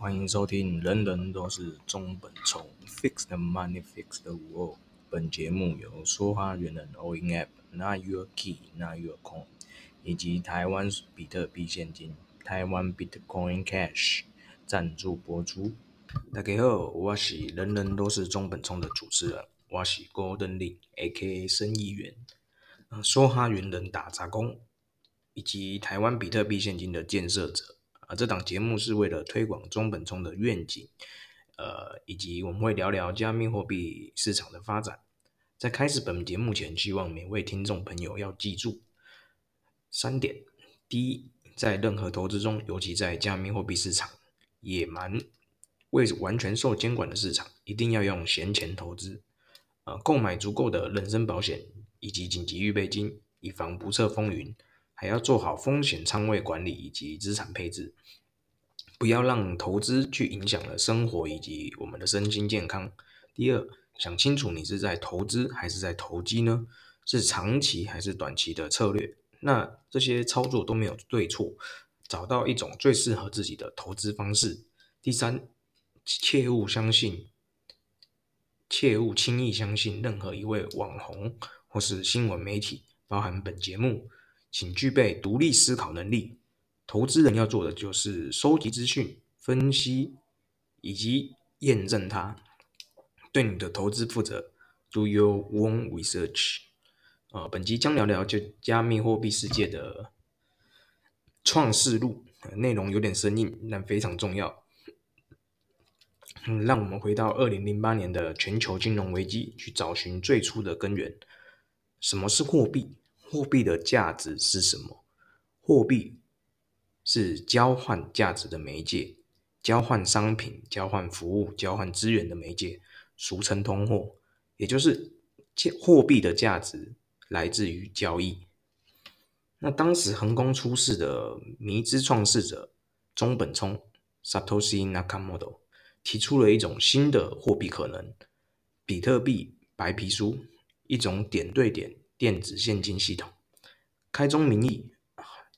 歡迎收聽《人人都是中本聰》，Fix the money, fix the world。本節目由說哈猿人、Oing App、Not your key, not your coin，以及台灣比特幣現金（台灣 Bitcoin Cash） 贊助播出。大家好，我是《人人都是中本聰》的主持人，我是 Golden Link, AKA 生意猿，說哈猿人打雜工，以及台灣比特幣現金的建設者。這檔節目是為了推廣中本聰的願景，呃，以及我們會聊聊加密貨幣市場的發展。在開始本節目前，希望每位聽眾朋友要記住三點：第一，在任何投資中，尤其在加密貨幣市場，野蠻、未完全受監管的市場，一定要用閒錢投資。呃，購買足夠的人身保險以及緊急預備金，以防不測風雲。還要做好風險倉位管理以及資產配置，不要讓投資去影響了生活以及我們的身心健康。第二，想清楚你是在投資還是在投機呢？是長期還是短期的策略？那這些操作都沒有對錯，找到一種最適合自己的投資方式。第三，切勿相信，切勿輕易相信任何一位網紅或是新聞媒體，包含本節目。請具備獨立思考能力。投資人要做的就是收集資訊、分析以及驗證它，對你的投資負責。Do your own research。呃，本集將聊聊就加密貨幣世界的創世錄，內容有點生硬，但非常重要。讓我們回到二零零八年的全球金融危機，去找尋最初的根源。什麼是貨幣？貨幣的價值是什麼？貨幣是交換價值的媒介，交換商品、交換服務、交換資源的媒介，俗稱通貨。也就是，貨幣的價值來自於交易。那當時橫空出世的“迷之創世者”中本聰 （Satoshi Nakamoto） 提出了一種新的貨幣可能——比特幣白皮書，一種點對點。電子現金系統，開宗明義，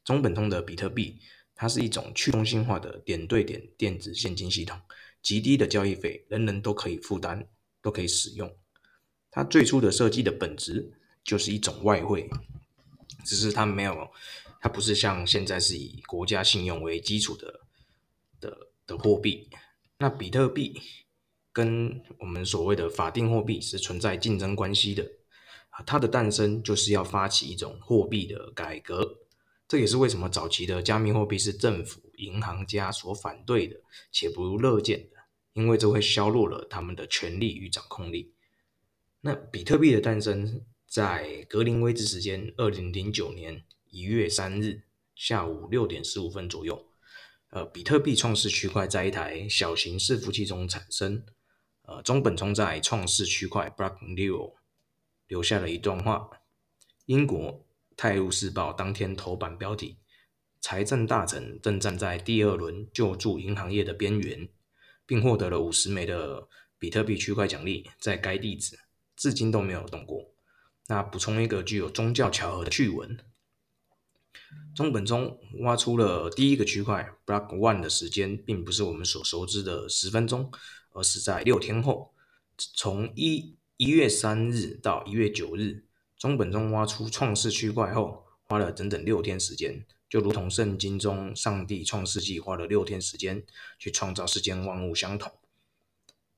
中本聰的比特幣，它是一種去中心化的點對點電子現金系統，極低的交易費，人人都可以負擔，都可以使用。它最初的設計的本質就是一種外匯，只是它沒有，它不是像現在是以國家信用為基礎的的的貨幣。那比特幣跟我們所謂的法定貨幣是存在競爭關係的。它的誕生就是要發起一種貨幣的改革，這也是為什麼早期的加密貨幣是政府、銀行家所反對的，且不如樂見的，因為這會削弱了他們的權力與掌控力。那比特幣的誕生在格林威治時間二零零九年一月三日下午六點十五分左右，呃，比特幣創世區塊在一台小型伺服器中產生，呃，中本聰在創世區塊 block zero 留下了一段話。英國《泰晤士報》當天頭版標題：“財政大臣正站在第二輪救助銀行業的邊緣，並獲得了五十枚的比特幣區塊獎勵，在該地址至今都沒有動過。”那補充一個具有宗教巧合的趣聞：中本聰挖出了第一個區塊 （Block One） 的時間，並不是我們所熟知的十分鐘，而是在六天後，從一。一月三日到一月九日，中本聰挖出創世區塊後，花了整整六天時間，就如同聖經中上帝創世紀花了六天時間去創造世間萬物相同。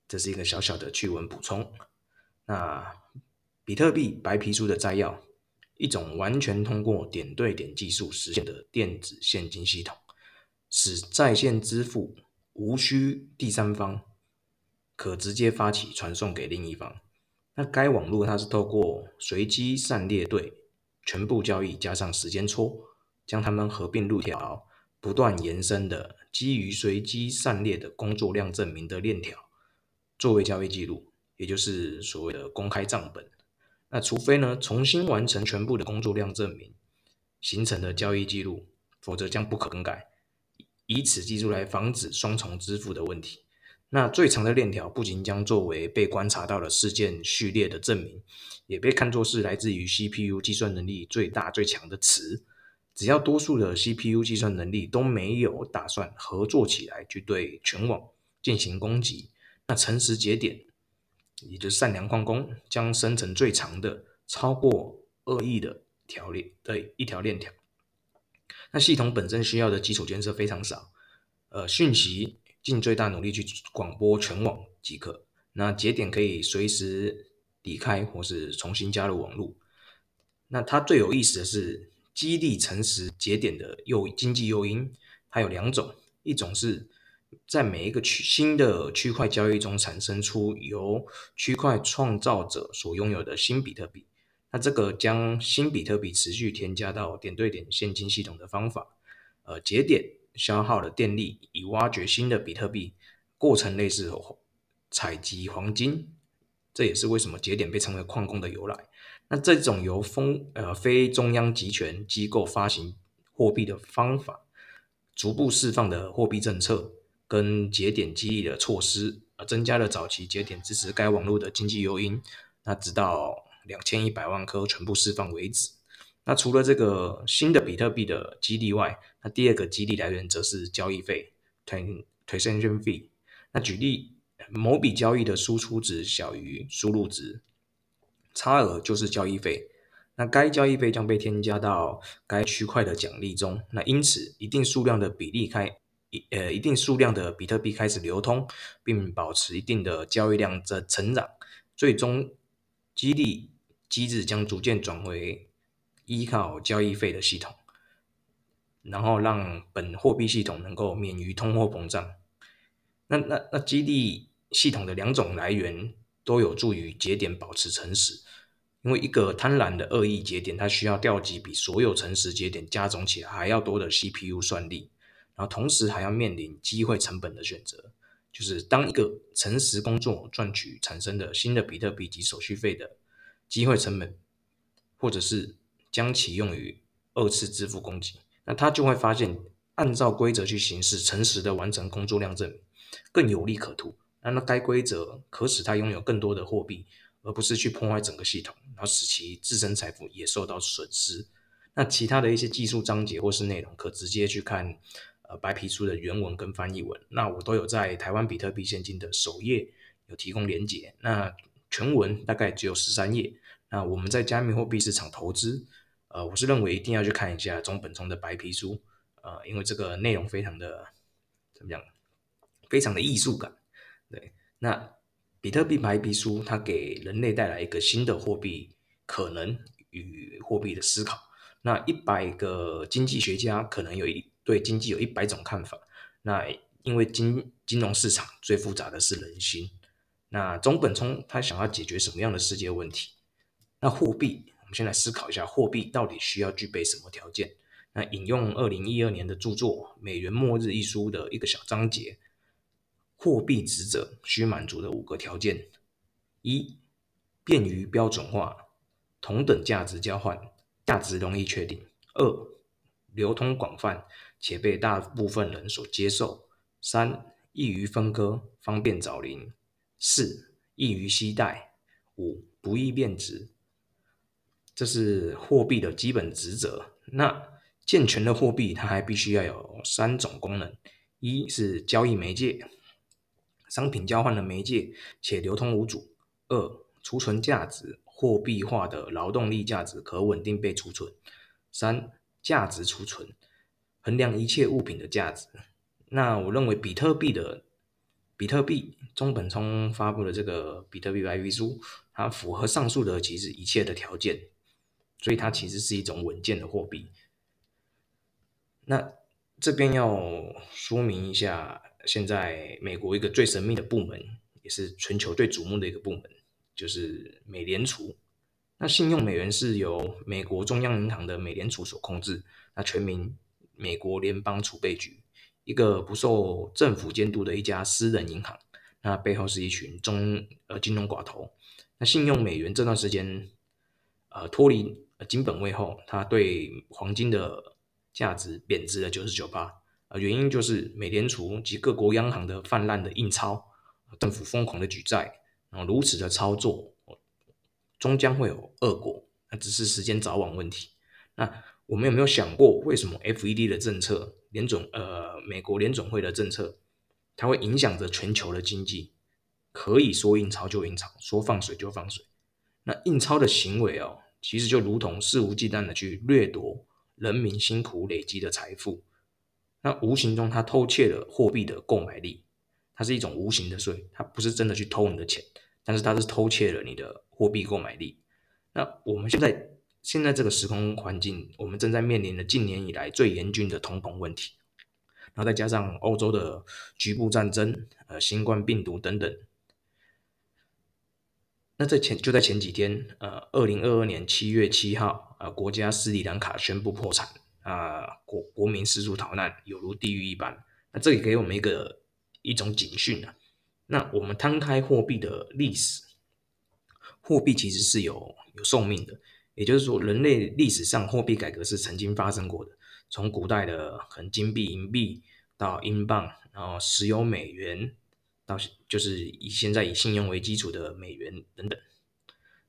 這是一個小小的趣聞補充。那比特幣白皮書的摘要：一種完全通過點對點技術實現的電子現金系統，使在線支付無需第三方，可直接發起傳送給另一方。那該網絡它是透過隨機散列對全部交易加上時間戳，將它們合併入條、不斷延伸的基於隨機散列的工作量證明的鏈條作為交易記錄，也就是所謂的公開賬本。那除非呢，重新完成全部的工作量證明形成的交易記錄，否則將不可更改，以此記錄來防止雙重支付的問題。那最長的鏈條不僅將作為被觀察到的事件序列的證明，也被看作是來自於 CPU 計算能力最大最強的池。只要多數的 CPU 計算能力都沒有打算合作起來去對全網進行攻擊，那誠實節點，也就是善良礦工，將生成最長的超過2億的條鏈，對，一條鏈條。那系統本身需要的基礎建設非常少，呃，訊息。盡最大努力去廣播全網即可。那節點可以隨時離開或是重新加入網絡。那它最有意思的是激勵誠實節點的誘經濟誘因，它有兩種：一種是在每一個區新的區塊交易中產生出由區塊創造者所擁有的新比特幣。那這個將新比特幣持續添加到點對點現金系統的方法，呃，節點。消耗的電力以挖掘新的比特幣，過程類似採集黃金，這也是為什麼節點被稱為礦工的由來。那這種由風呃，非中央集權機構發行貨幣的方法，逐步釋放的貨幣政策跟節點激勵的措施，呃，增加了早期節點支持該網絡的經濟誘因。那直到兩千一百萬顆全部釋放為止。那除了這個新的比特幣的激勵外，那第二個激勵來源則是交易費 t 退 a n 費，i fee）。那舉例，某筆交易的輸出值小於輸入值，差額就是交易費。那該交易費將被添加到該區塊的獎勵中。那因此，一定數量的比例開一呃一定數量的比特幣開始流通，並保持一定的交易量的成長，最終激勵機制將逐漸轉為依靠交易費的系統。然後讓本貨幣系統能夠免於通貨膨脹。那、那、那激勵系統的兩種來源都有助於節點保持誠實，因為一個貪婪的惡意節點，它需要調集比所有誠實節點加總起來還要多的 CPU 算力，然後同時還要面臨機會成本的選擇，就是當一個誠實工作賺取產生的新的比特幣及手續費的機會成本，或者是將其用於二次支付攻擊。那他就會發現，按照規則去行事，誠實地完成工作量證明，更有利可圖。那那該規則可使他擁有更多的貨幣，而不是去破壞整個系統，然後使其自身財富也受到損失。那其他的一些技術章節或是內容，可直接去看呃白皮書的原文跟翻譯文。那我都有在台灣比特幣現金的首頁有提供連結。那全文大概只有十三頁。那我們在加密貨幣市場投資。呃，我是認為一定要去看一下中本聰的白皮書，呃，因為這個內容非常的怎麼講，非常的藝術感。對，那比特幣白皮書它給人類帶來一個新的貨幣可能與貨幣的思考。那一百個經濟學家可能有一對經濟有一百種看法。那因為金金融市場最複雜的是人心。那中本聰他想要解決什麼樣的世界問題？那貨幣。先來思考一下，貨幣到底需要具備什麼條件？那引用二零一二年的著作《美元末日》一書的一個小章節，貨幣職責需滿足的五個條件：一、便於標準化，同等價值交換，價值容易確定；二、流通廣泛且被大部分人所接受；三、易於分割，方便找零；四、易於攜帶；五、不易變質。這是貨幣的基本職責。那健全的貨幣，它還必須要有三種功能：一是交易媒介，商品交換的媒介，且流通無阻；二，儲存價值，貨幣化的勞動力價值可穩定被儲存；三，價值儲存，衡量一切物品的價值。那我認為比特幣的，比特幣的比特幣中本聰發布的這個比特幣白皮書，它符合上述的其實一切的條件。所以它其實是一種穩健的貨幣。那這邊要說明一下，現在美國一個最神秘的部門，也是全球最矚目的一個部門，就是美聯儲。那信用美元是由美國中央銀行的美聯儲所控制。那全名美國聯邦儲備局，一個不受政府監督的一家私人銀行。那背後是一群中呃金融寡頭。那信用美元這段時間，呃，脫離。金本位後，它對黃金的價值貶值了九十九八。呃，原因就是美聯儲及各國央行的泛濫的印鈔，政府瘋狂的舉債，然後如此的操作，終將會有惡果，那只是時間早晚問題。那我們有沒有想過，為什麼 FED 的政策，聯總，呃，美國聯總會的政策，它會影響着全球的經濟？可以說印鈔就印鈔，說放水就放水。那印鈔的行為哦。其實就如同肆無忌憚的去掠奪人民辛苦累積的財富，那無形中它偷竊了貨幣的購買力，它是一種無形的稅，它不是真的去偷你的錢，但是它是偷竊了你的貨幣購買力。那我們現在現在這個時空環境，我們正在面臨着近年以來最嚴峻的通膨問題，然後再加上歐洲的局部戰爭、呃新冠病毒等等。在前就在前幾天，呃，二零二二年七月七號，呃，國家斯里蘭卡宣布破產，啊、呃，國國民四處逃難，猶如地獄一般。那這裡給我們一個一種警訊啊。那我們攤開貨幣的歷史，貨幣其實是有有壽命的，也就是說，人類歷史上貨幣改革是曾經發生過的。從古代的很金幣、銀幣到英鎊，然後石油、美元。到就是以現在以信用為基礎的美元等等，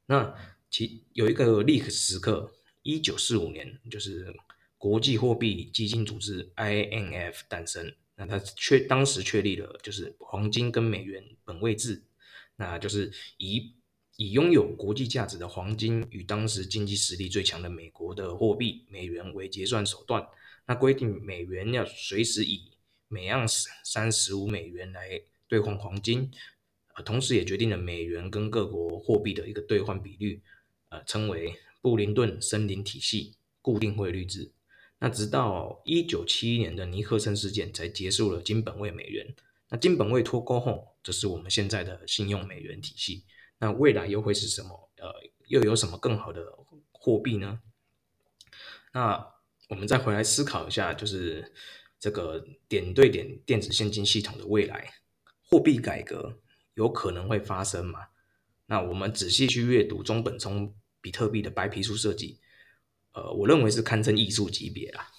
那其有一個歷史時刻，一九四五年就是國際貨幣基金組織 IMF 誕生。那它確當時確立了就是黃金跟美元本位制，那就是以以擁有國際價值的黃金與當時經濟實力最強的美國的貨幣美元為結算手段。那規定美元要隨時以每盎司三十五美元來。兌換黃金，呃，同時也決定了美元跟各國貨幣的一個兌換比率，呃，稱為布林頓森林體系固定匯率制。那直到一九七一年的尼克森事件才結束了金本位美元。那金本位脫鈎後，這是我們現在的信用美元體系。那未來又會是什麼？呃，又有什麼更好的貨幣呢？那我們再回來思考一下，就是這個點對點電子現金系統的未來。貨幣改革有可能會發生嘛？那我們仔細去閱讀中本聰比特幣的白皮書設計，呃，我認為是堪稱藝術級別啦。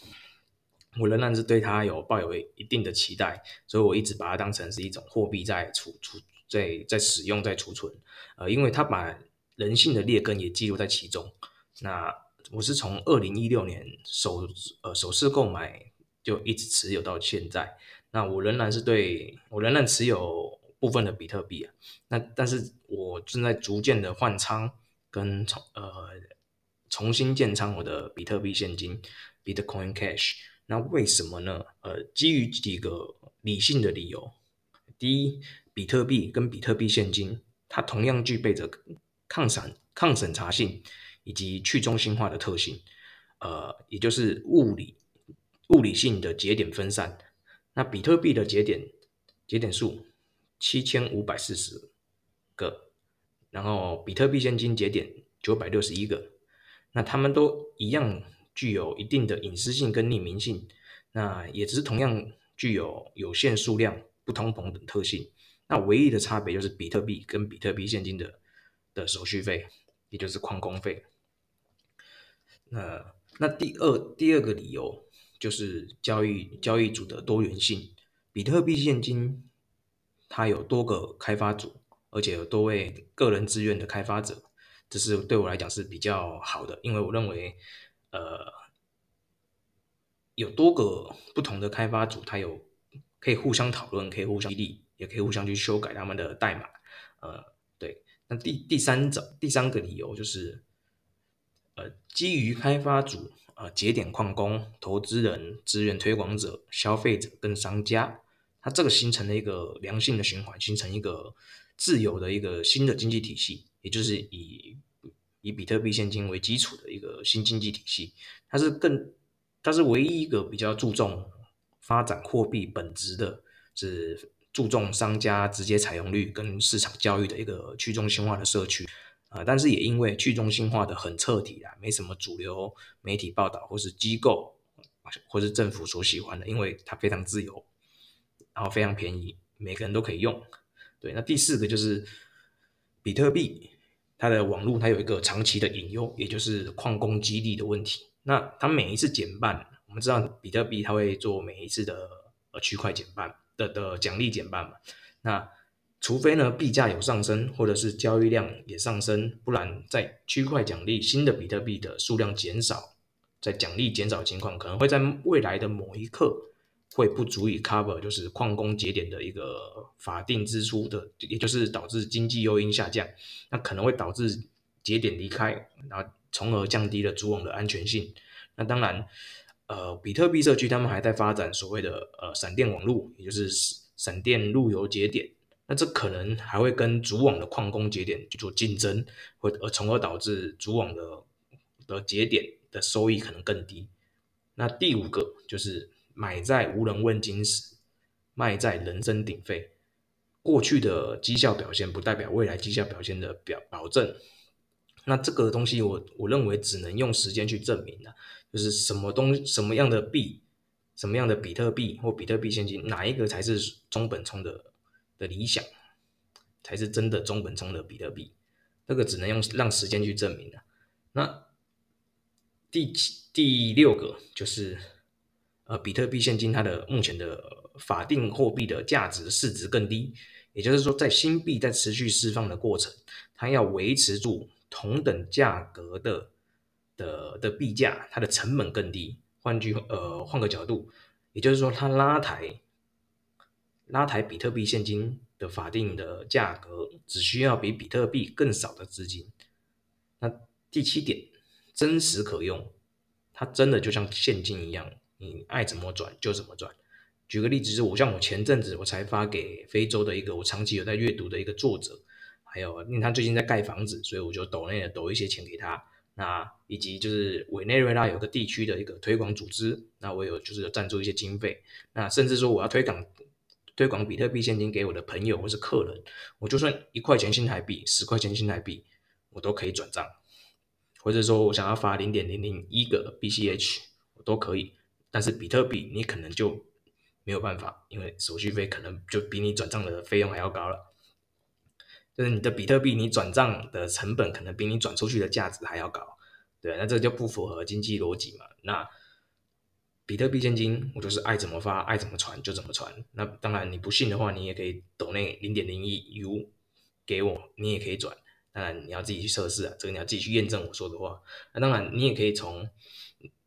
我仍然是對它有抱有一定的期待，所以我一直把它當成是一種貨幣在儲儲在在使用在儲存，呃，因為它把人性的劣根也記錄在其中。那我是從二零一六年首呃首次購買就一直持有到現在。那我仍然是對，我仍然持有部分的比特幣啊，那但是我正在逐漸的換倉跟重呃重新建倉我的比特幣現金 Bitcoin Cash。那為什麼呢？呃，基於幾個理性的理由。第一，比特幣跟比特幣現金它同樣具備着抗審抗審查性以及去中心化的特性，呃，也就是物理物理性的節點分散。那比特幣的節點節點數七千五百四十個，然後比特幣現金節點九百六十一個。那他們都一樣具有一定的隱私性跟匿名性，那也只是同樣具有有限數量、不通膨等特性。那唯一的差別就是比特幣跟比特幣現金的的手續費，也就是礦工費。那那第二第二個理由，就是交易交易組的多元性，比特幣現金它有多個開發組，而且有多位個人自願的開發者，這是對我來講是比較好的，因為我認為，呃，有多個不同的開發組，它有可以互相討論，可以互相激勵，也可以互相去修改他們的代碼，呃，對，那第第三種第三個理由就是，呃，基於開發組。呃，節點礦工、投資人、資源推廣者、消費者跟商家，它這個形成了一個良性的循環，形成一個自由的一個新的經濟體系，也就是以以比特幣現金為基礎的一個新經濟體系，它是更它是唯一一個比較注重發展貨幣本質的，是注重商家直接採用率跟市場教育的一個去中心化的社區。但是也因為去中心化的很徹底啊，沒什麼主流媒體報道或是機構或是政府所喜歡的，因為它非常自由，然後非常便宜，每個人都可以用。對，那第四個就是比特幣，它的網絡它有一個長期的隱憂，也就是礦工激勵的問題。那它每一次減半，我們知道比特幣它會做每一次的呃區塊減半的的獎勵減半嘛，那。除非呢，幣價有上升，或者是交易量也上升，不然在區塊獎勵新的比特幣的數量減少，在獎勵減少情況，可能會在未來的某一刻會不足以 cover，就是礦工節點的一個法定支出的，也就是導致經濟誘因下降，那可能會導致節點離開，然後從而降低了主網的安全性。那當然，呃，比特幣社區他們還在發展所謂的呃閃電網絡，也就是閃電路由節點。那這可能還會跟主網的礦工節點去做、就是、競爭，或而從而導致主網的的節點的收益可能更低。那第五個就是買在無人問津時，賣在人聲鼎沸。過去的績效表現不代表未來績效表現的表保證。那這個東西我我認為只能用時間去證明了、啊，就是什麼東什麼樣的幣，什麼樣的比特幣或比特幣現金，哪一個才是中本聰的？的理想才是真的中本聰的比特幣，這、那個只能用讓時間去證明了、啊。那第第六個就是，呃，比特幣現金它的目前的法定貨幣的價值市值更低，也就是說，在新幣在持續釋放的過程，它要維持住同等價格的的的幣價，它的成本更低。換句呃，換個角度，也就是說，它拉抬。拉抬比特幣現金的法定的價格，只需要比比特幣更少的資金。那第七點，真實可用，它真的就像現金一樣，你愛怎麼轉就怎麼轉。舉個例子，是我像我前陣子我才發給非洲的一個我長期有在閱讀的一個作者，還有因為他最近在蓋房子，所以我就抖內抖一些錢給他。那以及就是委內瑞拉有個地區的一個推廣組織，那我有就是有贊助一些經費。那甚至說我要推廣。推廣比特幣現金給我的朋友或是客人，我就算一塊錢新台幣、十塊錢新台幣，我都可以轉賬，或者說我想要發零點零零一個 BCH，我都可以。但是比特幣你可能就沒有辦法，因為手續費可能就比你轉賬的費用還要高了。就是你的比特幣你轉賬的成本可能比你轉出去的價值還要高，對，那這就不符合經濟邏輯嘛？那比特幣現金，我就是愛怎麼發愛怎麼傳就怎麼傳。那當然，你不信的話，你也可以抖內零點零一 U 給我，你也可以轉。當然，你要自己去測試啊，這個你要自己去驗證我說的話。那當然，你也可以從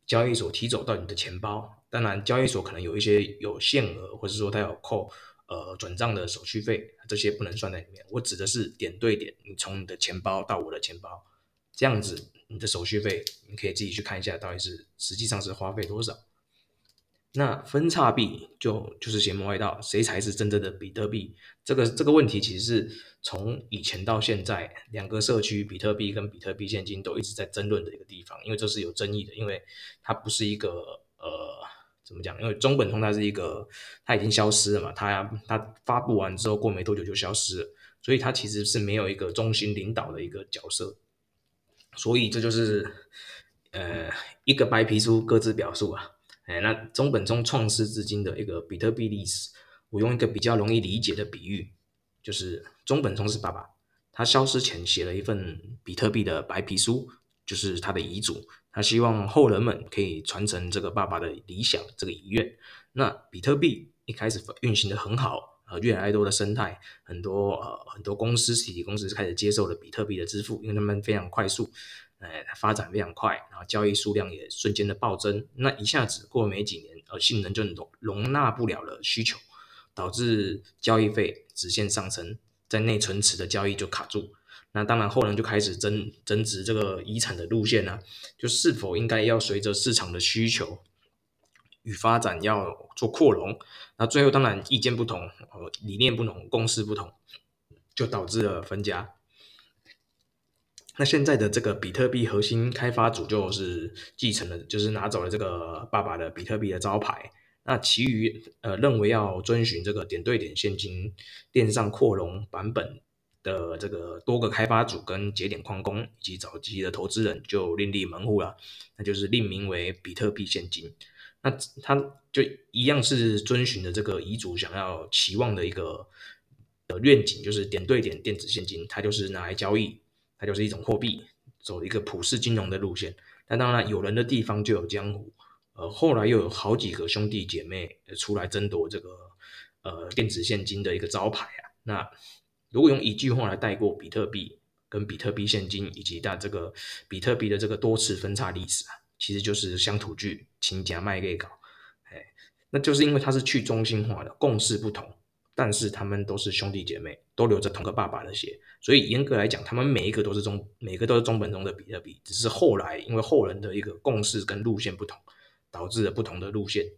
交易所提走到你的錢包。當然，交易所可能有一些有限額，或者說它有扣呃轉賬的手續費，這些不能算在裡面。我指的是點對點，你從你的錢包到我的錢包，這樣子你的手續費你可以自己去看一下，到底是實際上是花費多少。那分叉幣就就是邪魔外道，誰才是真正的比特幣？這個這個問題其實是從以前到現在，兩個社區比特幣跟比特幣現金都一直在爭論的一個地方，因為這是有爭議的，因為它不是一個呃怎麼講？因為中本聰他是一個他已經消失了嘛，他他發布完之後過沒多久就消失了，所以他其實是沒有一個中心領導的一個角色，所以這就是呃一個白皮書各自表述啊。誒，那中本聰創世至今的一個比特幣歷史，我用一個比較容易理解的比喻，就是中本聰是爸爸，他消失前寫了一份比特幣的白皮書，就是他的遺囑，他希望後人們可以傳承這個爸爸的理想，這個遺願。那比特幣一開始運行得很好，呃，越來越多的生態，很多呃很多公司實體公司開始接受了比特幣的支付，因為他們非常快速。哎，發展非常快，然後交易數量也瞬間的暴增，那一下子過沒幾年，呃，性能就容容納不了了需求，導致交易費直線上升，在內存池的交易就卡住。那當然，後人就開始爭爭執這個遺產的路線呢、啊，就是否應該要隨着市場的需求與發展要做擴容？那最後當然意見不同，呃，理念不同，公司不同，就導致了分家。那現在的這個比特幣核心開發組就是繼承了，就是拿走了這個爸爸的比特幣的招牌。那其餘呃認為要遵循這個點對點現金鏈上擴容版本的這個多個開發組跟節點礦工以及早期的投資人就另立門戶了，那就是命名為比特幣現金。那它就一樣是遵循的這個遺囑想要期望的一個願景，就是點對點電子現金，它就是拿來交易。它就是一種貨幣，走一個普世金融的路線。但當然，有人的地方就有江湖，呃，後來又有好幾個兄弟姐妹呃出來爭奪這個呃電子現金的一個招牌啊。那如果用一句話來帶過比特幣、跟比特幣現金以及它這個比特幣的這個多次分叉歷史啊，其實就是鄉土劇，請假賣給搞。哎，那就是因為它是去中心化的，共識不同。但是他們都是兄弟姐妹，都流着同個爸爸的血，所以嚴格來講，他們每一個都是中，每一個都是中本聰的比特幣。只是後來因為後人的一個共識跟路線不同，導致了不同的路線，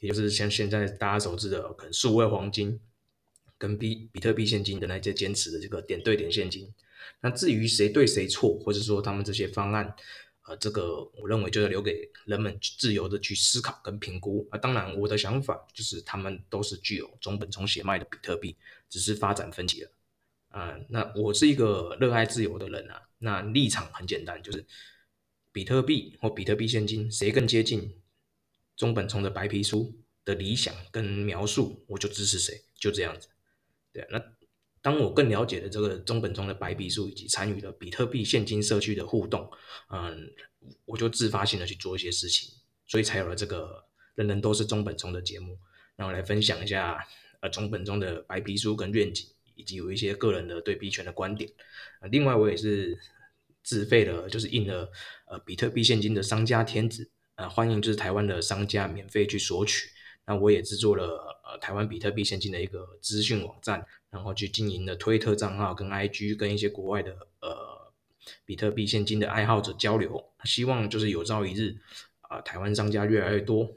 也就是像現在大家熟知的可能數位黃金，跟比特幣現金的那些堅持的這個點對點現金。那至於誰對誰錯，或者說他們這些方案，呃，這個我認為就要留給人們自由的去思考跟評估啊。當然，我的想法就是他們都是具有中本聰血脈的比特幣，只是發展分歧了。啊、呃，那我是一個熱愛自由的人啊，那立場很簡單，就是比特幣或比特幣現金誰更接近中本聰的白皮書的理想跟描述，我就支持誰，就這樣子。對、啊，那。當我更了解了這個中本聰的白皮書，以及參與了比特幣現金社區的互動，嗯，我就自發性的去做一些事情，所以才有了這個“人人都是中本聰”的節目，讓我來分享一下，呃，中本聰的白皮書跟願景，以及有一些個人的對幣圈的觀點。呃，另外，我也是自費了，就是印了呃比特幣現金的商家貼紙，呃，歡迎就是台灣的商家免費去索取。那我也制作了呃台灣比特幣現金的一個資訊網站，然後去經營的推特賬號跟 IG，跟一些國外的呃比特幣現金的愛好者交流，希望就是有朝一日啊、呃，台灣商家越來越多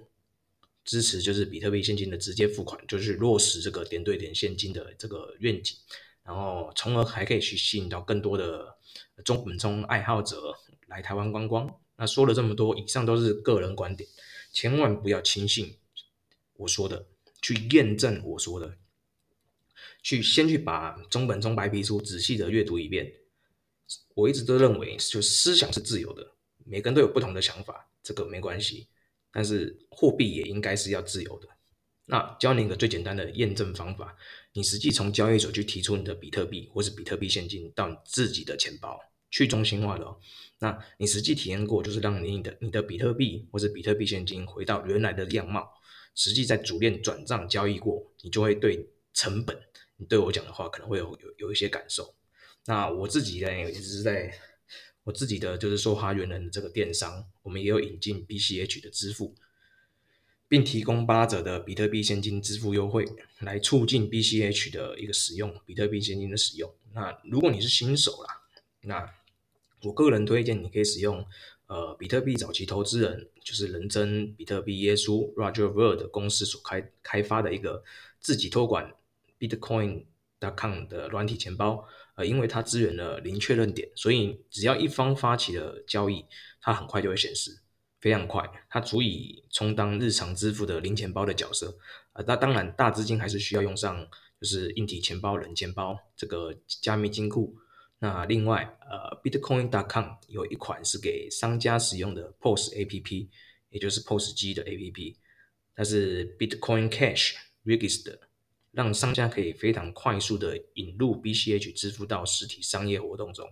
支持就是比特幣現金的直接付款，就是落實這個點對點現金的這個願景，然後從而還可以去吸引到更多的中本聰愛好者來台灣觀光。那說了這麼多，以上都是個人觀點，千萬不要輕信我說的，去驗證我說的。去先去把中本聰白皮書仔細的閱讀一遍。我一直都認為，就是思想是自由的，每個人都有不同的想法，這個沒關係。但是貨幣也應該是要自由的。那教你一個最簡單的驗證方法：你實際從交易所去提出你的比特幣或是比特幣現金到你自己的錢包，去中心化的哦。那你實際體驗過，就是讓你，你的你的比特幣或是比特幣現金回到原來的樣貌，實際在主鏈轉賬交易過，你就會對成本。對我講的話，可能會有有有一些感受。那我自己呢，也就是在我自己的就是說花園的這個電商，我們也有引進 BCH 的支付，並提供八折的比特幣現金支付優惠，來促進 BCH 的一個使用，比特幣現金的使用。那如果你是新手啦，那我個人推薦你可以使用呃，比特幣早期投資人就是人稱比特幣耶穌 Roger Ver 的公司所開開發的一個自己托管，Bitcoin.com 的軟體錢包，呃，因為它支援了零確認點，所以只要一方發起了交易，它很快就會顯示，非常快，它足以充當日常支付的零錢包的角色。呃，那當然大資金還是需要用上就是硬體錢包、冷錢包這個加密金庫。那另外，呃，Bitcoin.com 有一款是給商家使用的 POS APP，也就是 POS 機的 APP，它是 Bitcoin Cash Register。讓商家可以非常快速的引入 BCH 支付，到實體商業活動中。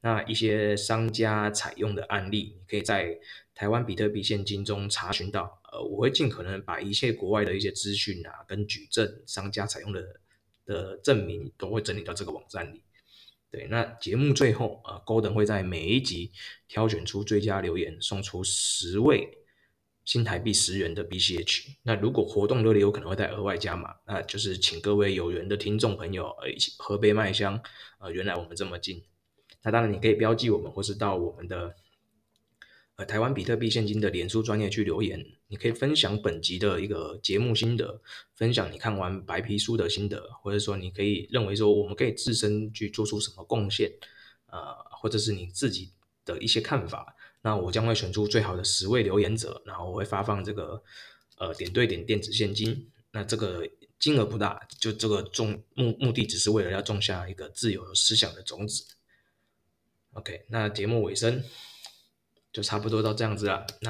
那一些商家採用的案例，你可以在台灣比特幣現金中查詢到。呃，我會盡可能把一切國外的一些資訊啊，跟舉證商家採用的的證明，都會整理到這個網站裡。對，那節目最後啊，呃，Gordon 會在每一集挑選出最佳留言，送出十位。新台幣十元的 BCH。那如果活動熱烈，有可能會再額外加碼。那就是請各位有緣的聽眾朋友，呃，一起喝杯麥香，呃，原來我們這麼近。那當然，你可以標記我們，或是到我們的呃台灣比特幣現金的臉書專頁去留言。你可以分享本集的一個節目心得，分享你看完白皮書的心得，或者說你可以認為說我們可以自身去做出什麼貢獻，呃，或者是你自己的一些看法。那我將會選出最好的十位留言者，然後我會發放這個，呃，點對點電子現金。那這個金額不大，就這個種目目的只是為了要種下一個自由思想的種子。OK，那節目尾聲就差不多到這樣子了。那。